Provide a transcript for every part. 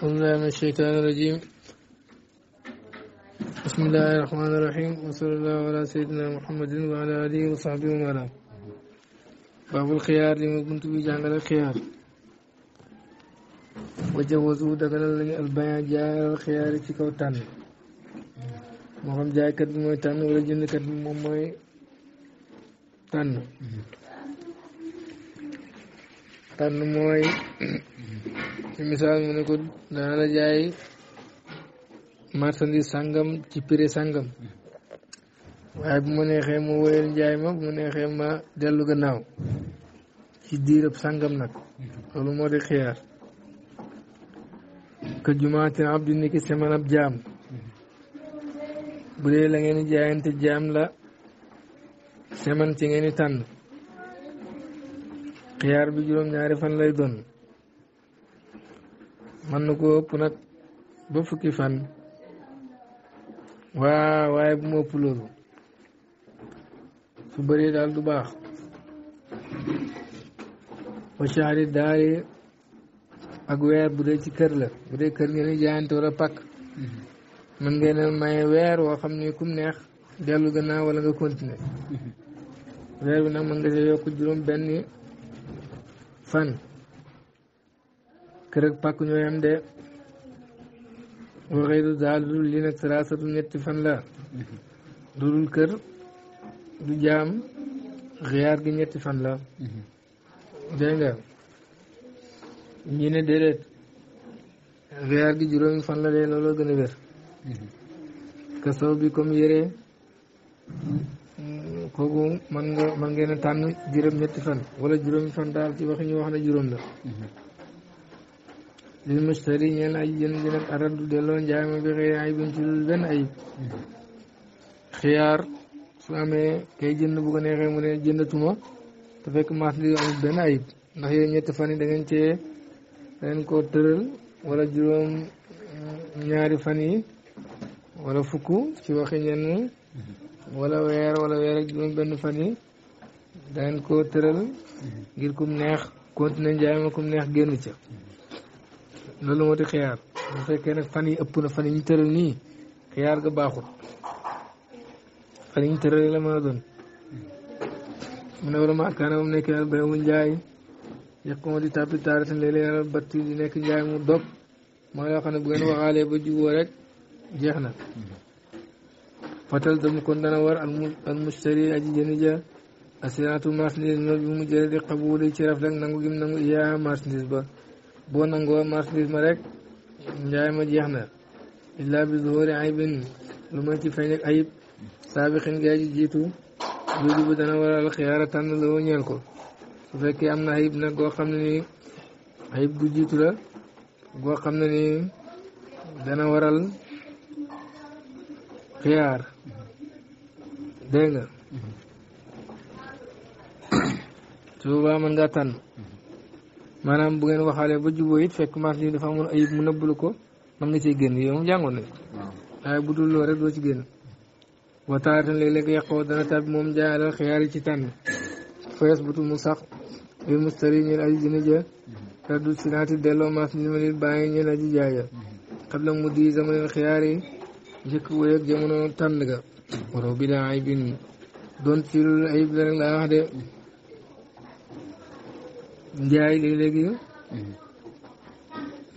أعوذ بالله من الشيطان الرجيم بسم الله الرحمن الرحيم وصلى الله على سيدنا محمد وعلى آله وصحبه ومن باب الخيار لما كنت في جانب الخيار وجوزوا دغنال البيان جاء الخيار في كوتان مهم جاء كد jaaykat bi mooy tànn wala jëndkat bi moom mooy ci misaal mu ne ko dana la jaay marchandise sangam ci prix sangam waaye bu ma neexee ma wóyal njaay ma bu ma neexee ma dellu gannaaw ci diirab sangam nag loolu moo di xiyaar ka jumaatin abdi ni ki seman ab jaam bu dee la ngeen jaayante jaam la seman ci ngeen tànn xiyaar bi juróom ñaari fan lay doon man na ko ëpp nag ba fukki fan waa waaye bu ma ëpp loolu su bëree daal du baax wa shahri daari ak weer bu dee ci kër la bu dee kër ngeen di jaayante wala pàkk mm-hmm. mën ngeen a maye weer woo xam ne kum neex dellu gannaaw walla nga continuer mm-hmm. weer bi nag mën nga see yokk juróom benn fan kër ak pàkk ñoo yem de waxee du daal du lii nag salaasa ñetti fan la du dul kër du jaam xiyaar gi ñetti fan la dégg nga ñi fan la de looloo gën a wér kasaw bi comme yére kooku man nga man ngeen a tànn juróom ñetti fan wala juróomi fan daal ci waxi wax na juróom la lil mustari ñeen aji jënd ji nag aradu delloo njaay ma bi xëy ayib ci dul benn ayib xiyaar su amee kay jënd bu ko neexee mu ne jëndatuma te fekk maas li amul benn ayib ndax yooyu ñetti fan yi da koo tërël walla juróom ñaari fan yi wala fukk ci waxi ñenn weer wala weer ak juróom benn fan yi da ngeen koo tëral ngir kum neex continuer njaay ma kum neex génn ca loolu moo di xiyaar bu fekkee nag fan yi ëpp na fan yi ñu tëral nii xiyaar ga baaxut fan yi ñu tëral la mën a doon mu ne wala ma kaana moom nekk al mu njaay yëquma di tàppi taaratin léeg-léeg yàlla batt di nekk njaay mu dog mooy loo xam ne bu ngeen waxaalee ba juboo rek jeex na fatal dama kon dana war al mustari aji jënd ja asinaatu marchandise ñoom bi mu jëlee di ci rafet nangu gim nangu iyaa marchandise ba boo nangoo marchandise ma rek njaay ma jeex na illaa bi zuhuri aybin lu may ci feeñ ayib saabixin gaa jiitu juuju bu dana waral xiyaara tànn loo ñeel ko su fekkee am na ayib nag goo xam ne ni ayib gu jiitu la goo xam ne ni dana waral xiyaar dégg nga mm-hmm. su boobaa mën ngaa maanaam bu ngeen waxaalee ba jubóo it fekk marché yi dafa amoon ayib mu nëbbalu ko mën nga cee génn yow moom jàngoon nañ waaye bu dul loolu rek doo ci génn wataaratan léeg-léeg yàqoo dana tab moom jaay alal yi ci tànn fees butu mu sax li mustari ñeen aji dina jël raddu si naati delloo marché yi ma leen bàyyi ñeen aji jaayal xam la mu di zamanin xiyaar njëkk wéyeg jamono tànn ga waroo bi daa ay bin doon ci lu ayib la rek laa wax de njaay léeg-léegi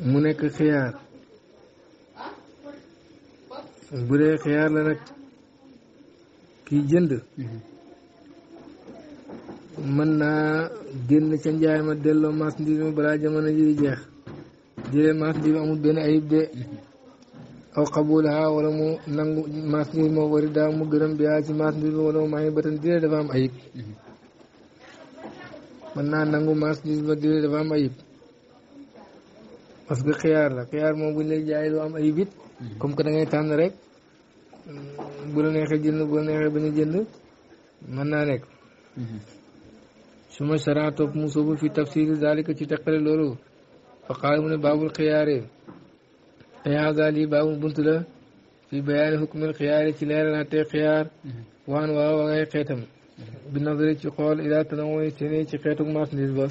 mu nekk xiyaar bu dee xiyaar la nag kiy jënd mën naa génn ca njaay ma delloo marchandise mi balaa jamono ji jeex jëlee marchandise amul benn ayib de aw xabulaha wala mu nangu marchandise moo wari daa mu gërëm bi ci marchandise wala mu maa ngi batan dafa am ayib mën naa nangu marchandise ba dina dafa ayib parce que xiyaar la xiyaar moom buñ lay jaay lu am ayib it mhm. comme que da ngay tànn rek bu la neexee jënd bu la neexee bañ a naa nekk mhm. su ma saraa mu soobu fi tafsir zalika ci teqale loolu fa qaal ne baabul xiyaare xiyaagal yi baabul bunt fi bayaani hukmil xiyaare ci leeral naa tey xiyaar mhm. waan waaw wa xeetam bi nazari ci xool ila tanawoo ci ne ci xeetu marchandise ba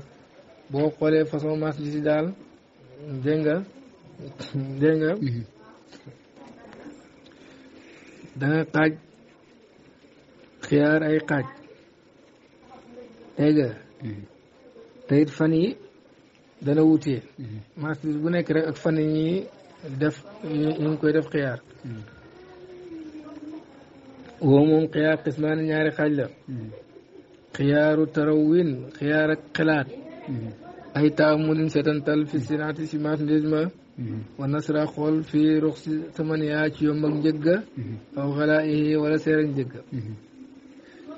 boo xoolee façon marchandise yi daal dégg nga dégg nga da nga xaaj xiyaar ay xaaj dégg nga te fan yi dana wutee mm-hmm. marchandise bu nekk rek ak fan yi ñuy def ñu ngi koy def xiyaar mm-hmm. ومم خيار قسمان نياري خلا خيار تروين خيار قلات أي تعمل إن في سنة سماة نزمة ونصر أخول في رخص ثمانية يوم مجدد أو غلائه ولا سير جدد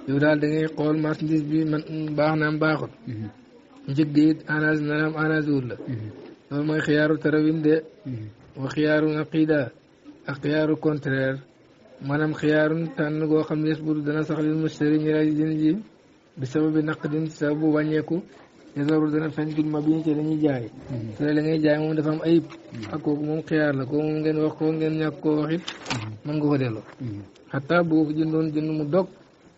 يودال دنگي قول ما سنجز بي من باغ نام باغر جدد أنا زنرام أنا زول ومم خيار تروين دي وخيار نقيدة أخيار كونترير maanaam xiyaarun tànn goo xam ne yasbutu dana sax lil mushtari ñu laaj jënd ji bi sababi naqdin bu wàññeeku yazaru dana feeñ fil mabni te dañuy jaay mm-hmm. te la ngay jaay moom dafa am ayib mm-hmm. ak kooku moom xiyaar la ko moom ngeen wax ko ngeen ñàkk koo mm-hmm. mën nga ko delloo xataa boo ko jëndoon mu dog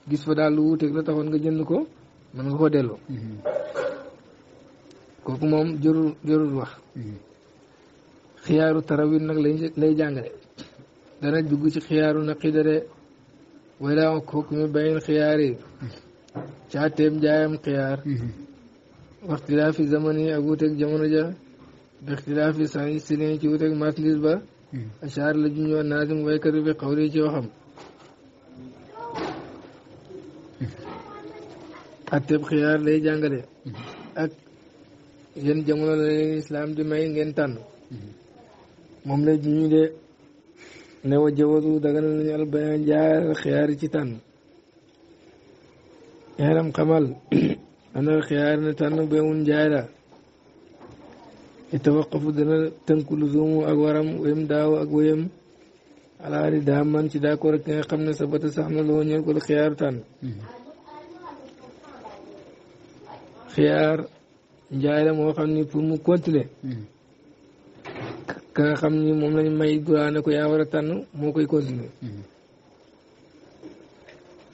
gis fa daal lu wuuteeg la taxoon nga jënd ko mën nga ko delloo kooku moom jërul jërul wax xiyaaru tarawin nag lay lay jàngale dana dugg ci xiyaaru naqida de wala xukmi bayn xiyaar yi ci jaayam xiyaar mm-hmm. waxtilaafi zamani ak wuteeg jamono ja bi ixtilaafi sani sinin ci wuteeg martlis ba mm-hmm. achaar la juñoo naasim waykat bi xawli ci waxam àtteeb mm-hmm. xiyaar lay jàngale ak yéen jamono la leen islam di may ngeen tànn moom lay de ne wa jawazu daganal nañu albayaan jaayal xiyaari ci tànn yaaram xamal anal xiyaar ne tànn bayun jaay la itawaqafu dana tënk luzumu ak waram wéyam daaw ak wéyam alaari daa ci d'accord ak ki nga xam sabata sax na loo ñëw ko la xiyaaru tànn mm-hmm. xiyaar njaay moo xam ni pour mu continuer mm-hmm. ka nga xam ni moom lañ may duraa ko yaa war a tànn moo koy continuer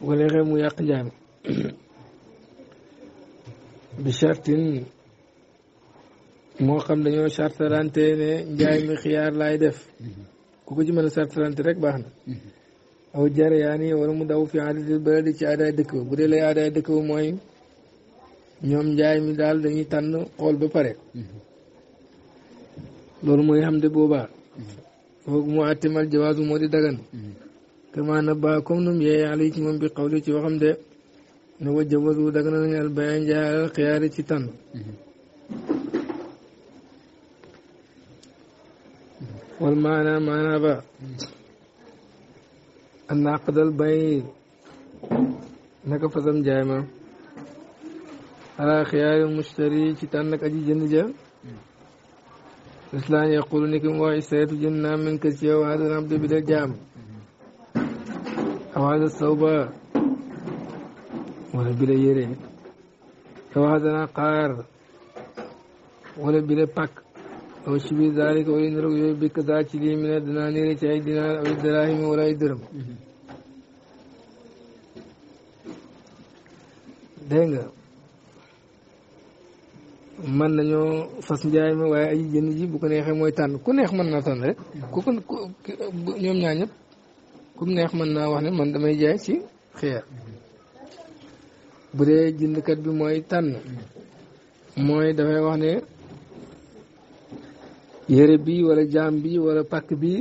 wala xëy mu yàq njaam bi chartin moo xam dañoo chartalante ne njaay mi xiyaar laay def ku ko ci mën a rek baax na aw jare yaa ni wala mu daw fi adati baladi ci aadaay dëkk bu dee lay aadaay dëkk mooy ñoom njaay mi daal dañuy tànn xool ba pare loolu mooy xam de boobaa boobu mu attimal jawaazu moo di dagan kama na ba comme num yeeye ali ci bi xawli ci waxam de ne wa dagan nañu al bayan jaal xiyaari ci tànn wal maana maana ba a naqdal bayi naka fasam jaay ma ala xiyaari mustari ci tànn ak aji ja mislaan yaqulu ni ki mu wax ishtaritu jënd naa min ka ci yow hada abdu bi jaam aw hada sawba wala bi la yére aw hada qaar wala bi la aw shibi zalika wala niroog yooyu bi ka ci lii mina dinaa niiri ci ay aw daraahim wala ay man nañoo fas njaay ma waaye aji jënd ji bu ko neexee mooy tànn ku neex mën naa tànn rek ku ko ñoom ñaar ñëpp ku neex mën naa wax ne man damay jaay ci xiyaar bu dee jëndkat bi mooy tànn mooy dafay wax ne yére bi wala jaam bi wala pàkk bi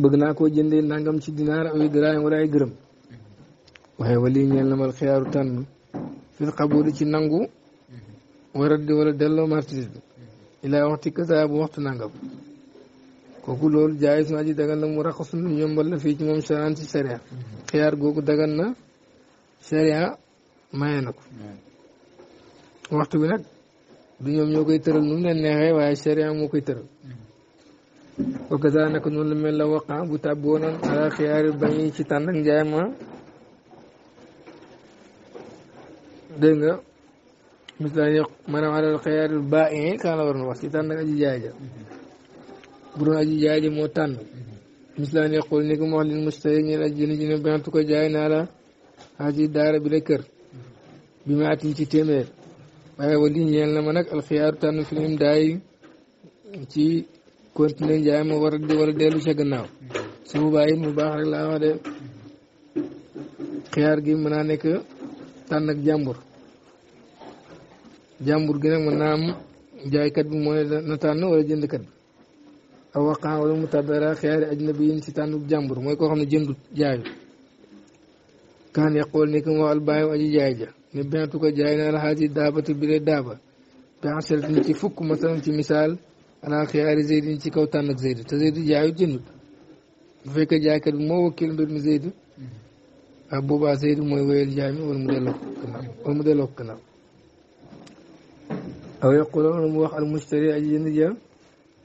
bëgg naa koo jëndee nangam ci dinaar ay daraay wala ay dërëm waaye wali ñeel na mal xiyaaru tànn fil xabuuli ci nangu wara di wala delloo martiris bi ilaa waxti kasaa bu waxtu nangam kooku loolu jaay suna ji dagan na mu raxasun lu yombal la fii ci moom saraan ci sariya xiyaar googu dagan na sariya maye na ko waxtu bi nag du ñoom ñoo koy tëral nu mu leen neexee waaye sariya moo koy tëral wa kasaa nag noonu la mel la waqa bu tàbboonam ala xiyaari bañ ci tànn ak njaay ma dégg nga misla yëpp maanaam alal xeyaaril baa'i kaan la war na wax ci tànn ak aji jaay ja bu aji jaay ja moo tànn misla yëqul ni ko mu wax leen mustari ñeen aji jënd ji ne bantu jaay naa la aji daara bi la kër bi ma ci téeméer waaye wali ñeel na ma nag alxiyaaru tànn fi mu daay ci continuer njaay ma war a war a dellu gannaaw su mu bàyyi mu baax rek laa wax xiyaar gi mën naa nekk tànn ak jàmbur jàmbur gi nag mën naa am jaaykat bi mooy na tànn wala jëndkat bi aw waqan wala mu tabara xiyaari ajnabi yin si tànn jàmbur mooy koo xam ne jëndut jaayu kaan yaqool ni kam waxal bàyyi jaay ja ne bintu ko jaay naa la xaati daabatu bi daaba bi asaratin ci fukk masalan ci misaal ala xiyaari zeydin ci kaw tànn ak zeydu te zeydu jaayut jëndut bu fekkee jaaykat bi moo wakkil mbir mi zeydu ah boobaa Seydou mooy wéyal jaay mi wala mu delloo ko gannaaw aw yaqula wala mu wax al mushtari aji jënd ja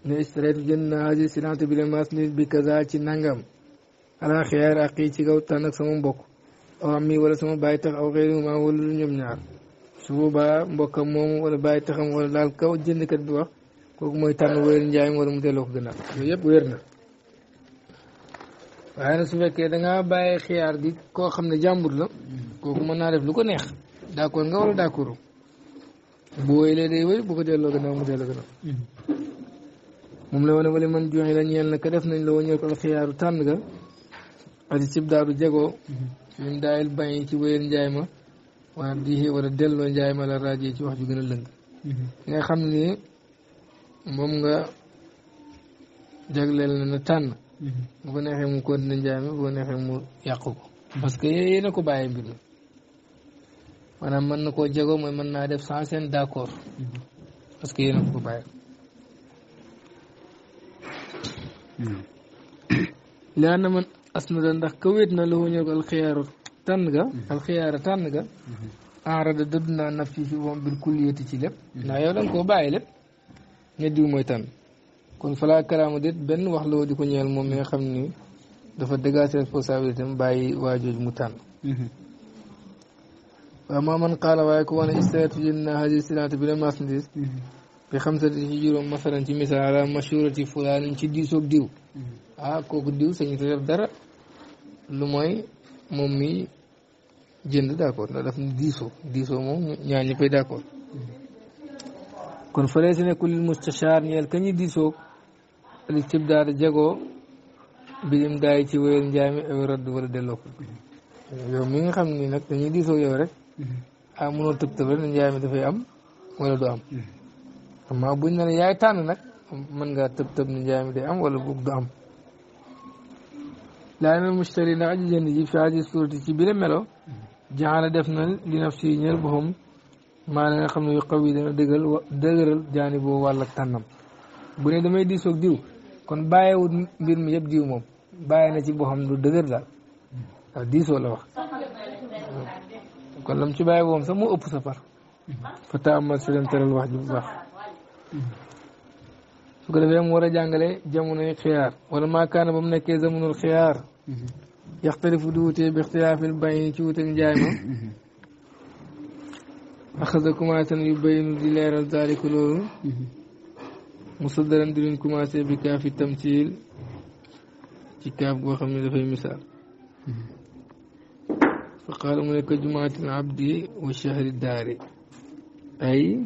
ne istaraytu jënd naa hadi silence bi la maas nit bi ci nangam ala xiyaar ci kaw tànn ak sama mbokk aw am mi sama baay tax aw xëy ma wala lu ñoom ñaar su boobaa mbokkam moomu wala bàyyi taxam wala daal kaw jëndkat bi wax kooku mooy tànn wéyal njaay mi wala mu delloo ko gannaaw yooyu yëpp na. waaye nag su fekkee da ngaa bàyyi xiyaar gi koo xam ne jàmbur la kooku mën naa def lu ko neex d' accord nga wala d' accord bu wéyalee day wéy bu ko delloo gannaaw mu delloo gannaaw moom la wane wala man joxe la ñeel na ko def nañ la wañeel ko tànn ga ati cib daaru jegoo min ci wéyal njaay ma waa diixee wala delloo njaay ma la raajee ci wax ju gën a lëng nga xam ni moom nga jagleel na na tànn bu ko neexee mu continuer njaay mi neexee mu yàq ko parce que yéen a ko bàyyi mbir mi maanaam mën na koo jegoo mooy mën naa def sans seen d'accord parce que yéen a ko bàyyi laa hmm. na man asnada ndax ka wéet na loo ñëw tànn ga hmm. alxiyaara tànn ga enrada hmm. ci fi bàyyi lépp ñe diw mooy tànn kon falaa karaama déet benn wax la di ko ñeel moom mi nga xam ni dafa dégager responsabilité am bàyyi waa jooju mu tànn. waaw maa man xaala waaye ku wane istayatu jënd naa hadi sinaata bi la marchandise. bi xam sa ci juróom masalan ci misaal ala mashurati fulaanin ci diisoog diw. ah kooku diw sañu te def dara lu mooy moom mi jënd d' accord ndax daf ni diisoo diisoo moom koy d' kon fële si nekkul mustachar ñeel kañ ñu diisoog. alistibdaar jagoo bilim daay ci wéyal njaay mi aw radd wala delloo ko yow mi nga xam ni nag dañuy diisoo yow rek ah mënoo tëb tëb rek ne njaay mi dafay am wala du am amma buñ ne la yaay tànn nag mën ngaa tëb tëb ne njaay mi day am wala boog du am laa nal mustari ndax aji jënd ji fi aji suurti ci bi la melo jaxala def na li naf si ñeel boxam maa nga xam ne yu xaw yi dana dëgëral dëgëral jaani boobu wàll ak tànnam bu ne damay diisoog diw kon bàyyiwut mbir mi yëpp diw moom bàyyi na ci boo xam lu dëgër daal waaw diisoo la wax kon lam ci bàyyi woom sax moo ëpp sa fa taamal sa dem teral wax ji baax su ko defee mu war a jàngale xiyaar wala maakaana ba mu nekkee jamonul xiyaar yaxtarifu di wutee bi ixtilaafil bàyyi ci wuteeg njaay axasa commencé yu bayinu di leeral daaliku loolu مصدرا درين كوماسي بكاف التمثيل كاف بو خمي دافاي مثال فقال مولاك جماعة العبد والشهر الداري أي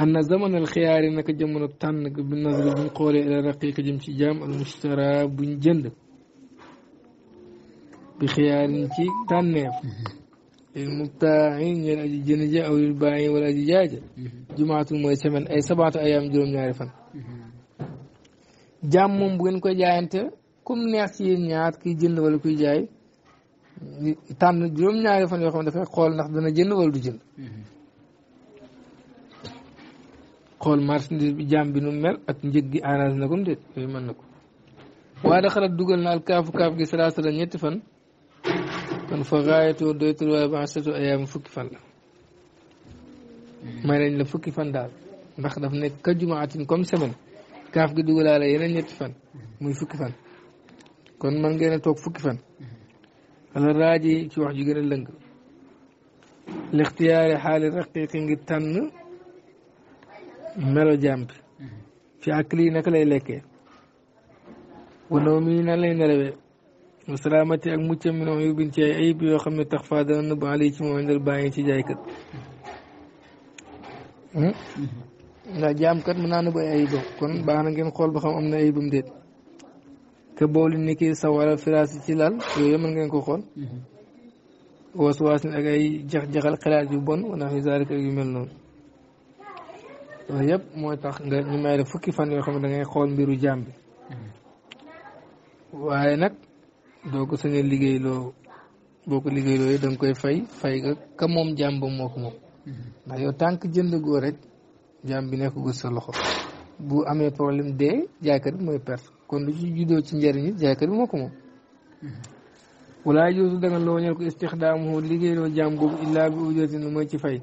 أن زمن الخيار أنك جمن التنك بالنظر من إلى رقيق جمشي جام المشترى بن جند بخيار تنف lil mubtaa'i ñeen aji jënd ja aw lil mm-hmm. jumaatul mooy semaine ay sabaatu ayaam juróom-ñaari fan mm-hmm. jaam moom bu ngeen koy jaayante comme neex ci yéen ñaar kuy jënd wala kuy jaay tànn juróom-ñaari fan yoo xam xool ndax dana jënd wala du jënd mm-hmm. xool marchandise bi jaam bi nu mel ak njëg gi na ko mu yooyu mën na ko waaye da xalaat dugal na al kaafu kaaf gi salaasala ñetti fan kon fa gaayatoo doytul waaye ba asatu ayaam fukki fan la may nañ la fukki fan daal ndax daf nekk ka jumaatin comme semaine kaaf gi dugalaale yeneen ñetti fan muy fukki fan kon man ngeen a toog fukki fan wala raaji ci wax ju gën a lëng lixtiyaari xaali raqiqi ngir tànn melo jàmp bi fi ak lii naka lay lekkee wanoo mii lay nelawee wa salaamati ak muccam min ayubin ci ay ayib yoo xam ne tax faa dana nëbb ali ci moom indal hmm? ndax mën naa nëbb baax na ngeen xool ba xam am na ayibam déet te booli ni kii sawara firaas ci lal yooyu ngeen ko xool mm-hmm. waswaas jax-jaxal xalaat yu bon yu zaarik ak yu mel yëpp mooy tax nga ñu may la fukki fan yoo xam ne da xool mbiru jaam bi mm-hmm. waaye nag doo ko saña liggéey loo boo ko liggéey looyu da nga koy fay fay nga ka moom jaam ba moo ko moom ndax yow tànk jënd goo rek jaam bi nekk gu sa loxo bu amee problème de jaaykat bi mooy perte kon lu ci juddoo ci njëriñ it jaaykat bi moo ko moom wala joosu da nga loo ñel ko istixdaamu liggéey loo jaam boobu illaa bi ujratin lu mooy ci fay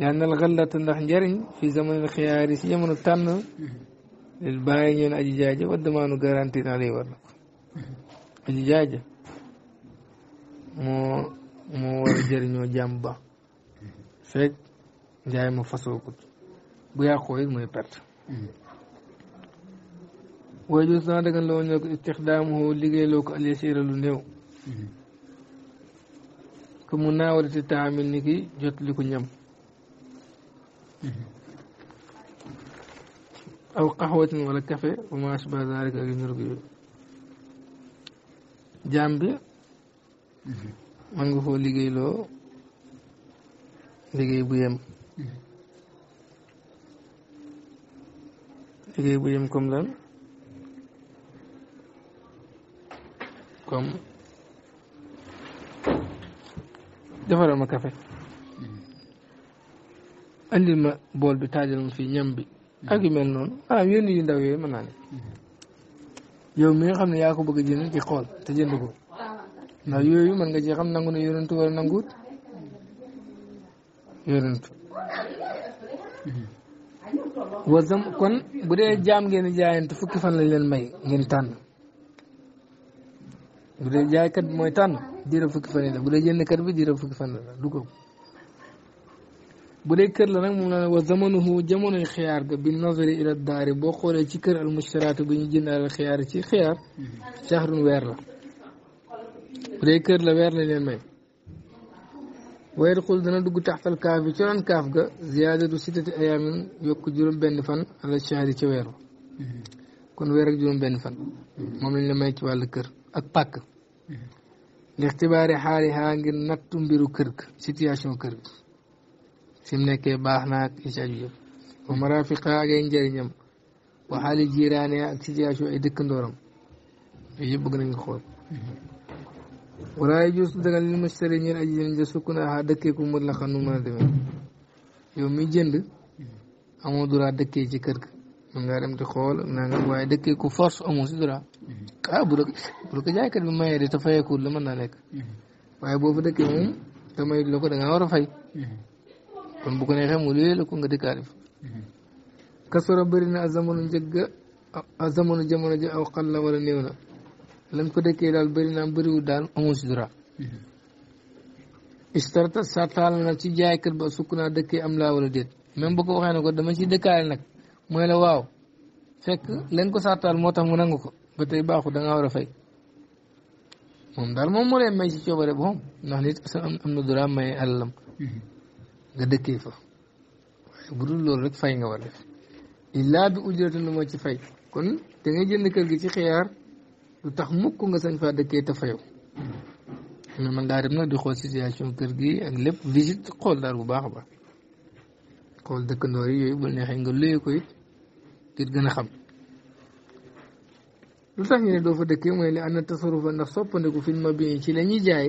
yaanal xallata ndax njëriñ fi zamanil xiyaar si jamono tànn mm-hmm. lil bàyyi ñeen aji jaay ja wa damaanu garantie aji jaaja moo moo war a ba fekk njaay ma fasoogut bu yàqoo mooy perte waaye jus naa dagan la woon ne ko istixdaamu liggéey loo ko alesira lu néew ko mu naawarati taamil ni ki jot li ñam aw qaxwatin wala café wa ma ashba zalika ak yu nurgu jaam bi man nga koo liggéeyloo liggéey bu yem liggéey bu yem comme lan kom defaral ma café andil bool bi taajal ma fii ñam bi ak yu mel noonu ah yéen yu ndaw yooyu mën naa yow mi nga xam ne yaa ko bëgg a jënd ci xool te jënd ko ndax yooyu mën nga ci xam nangu ne yonentu wala nanguut yonentu wasam kon bu dee jaam ngeen jaayant fukki fan lañ leen may ngeen tànn bu dee jaaykat bi mooy tànn diira fukki fan yi la bu dee jëndkat bi diira fukki fan la du bu dee kër la nag moom la wa zamanuhu jamonoy xiyaar ga bi nazari boo xoolee ci kër al mushtaraatu bi ñu jëndal xiyaar ci xiyaar shahrun weer la bu dee kër la weer la leen may wayet xul dana dugg taxtal kaaf yi coron kaaf ga ziyaadatu sitati ayaamin yokk juróom benn fan ala shahri weer weeru kon weer ak juróom benn fan moom lañ la may ci wàllu kër ak pàkk mm-hmm. li ixtibaari xaalihaa ngir nattu mbiru kër ga situation kër si nekkee baax naa ak ci aju yëpp wa marafiqa ak ay njëriñam wa xaali jiiraane ak situation ay dëkkandooram yooyu yëpp bëgg nañ ko xool walaaye jus dagal li mustari ñeen aji jënd ja sukk naa dëkkee ku mut la xam nu mën a demee yow mi jënd amoo droit dëkkee ci kër ga mën ngaa dem di xool naa nga waaye dëkkee ku force amoo si droit ah bu la bu la ko jaaykat bi mayee mën naa nekk mm-hmm. waaye boo fa dëkkee moom te mayul la a fay mm-hmm. kon bu ko neexee mu luyee la ko nga dëkkaale fa kasara bëri na a zamanu njëgga a zamanu jamono ji aw xal la wala néew na lan ko dëkkee daal bari naa bëriwul daal amoo si dara istarta sartaal na ci sukk naa dëkkee am laa wala déet ko waxee ko dama ci dëkkaale nag mooy la waaw ko sartaal moo tax mu nangu ko ba tey baaxu da ngaa war a fay moom daal moom moo lay may ci coobare boom ndax nit am na dara may alalam nga dëkkee fa waaye bu dul loolu rek fay nga war def illaa bi ujrata lu moo ci fay kon da ngay jënd kër gi ci xiyaar lu tax mukk nga sañ faa dëkkee te fayoo mais man ngaa dem nag di xool situation kër gi ak lépp visite xool daal bu baax a baax xool dëkkandoor yi yooyu bu neexee nga luye ko it ngir gën a xam lu tax ñu ne doo fa dëkkee mooy li ànd tasarrufa ndax soppandiku film bi ci la ñuy jaay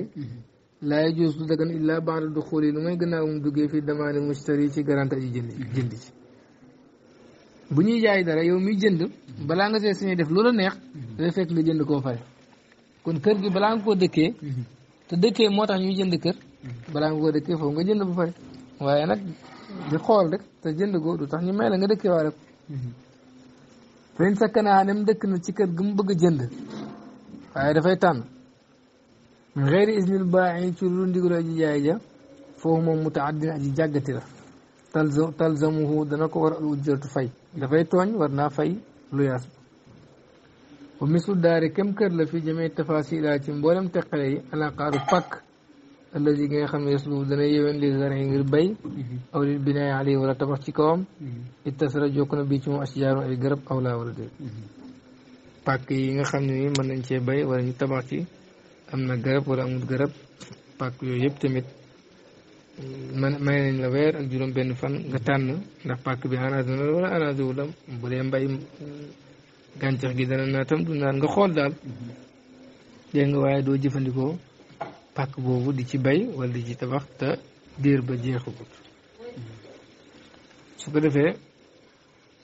laa yajuus du dagan illaa baada duxuuli lu may gannaaw mu duggee fii damaani mustari ci garante aji jënd jënd ci bu ñuy jaay dara yow miy jënd balaa nga see sañee def loola neex day fekk la jënd koo pare kon kër gi balaa nga koo dëkkee te dëkkee moo tax ñuy jënd kër balaa nga koo dëkkee foofu nga jënd ba pare waaye nag di xool rek te jënd goo du tax ñu may la nga dëkkee waa rek fañ sakkanaa nem dëkk na ci kër gi mu bëgg jënd waaye dafay tànn min xeyri isnil baaxi ci lu ndigalu aji jaay ja foofu moom mutaaddin aji jàggati la talzam talzamuhu dana ko war al ujratu fay dafay tooñ war naa fay lu yaas ba mislu daari kem kër la fi jëmee tafasilaa ci mboolem teqale yi alaqaaru pàkk allazi gi nga xam ne yaslu dana li zari ngir bay aw lil binaay wala tabax ci kawam ittasara jokk na bii ci moom asjaaru ay garab aw laa wala mm-hmm. pak pàkk yi nga xam ne ni mën nañ cee bay wara ñu tabax ci am na garab wala amul garab pàkk yooyu yëpp tamit man may nañ la weer ak juróom benn fan nga tànn ndax pàkk bi arrangé na wala arrangé la bu dee mbay gàncax gi dana naa tam du naan nga xool daal dégg nga waaye doo jëfandikoo pàkk boobu di ci bay walla di ci tabax te diir ba jeexagut su ko defee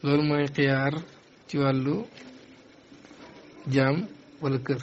loolu mooy xiyaar ci wàllu jaam walla kër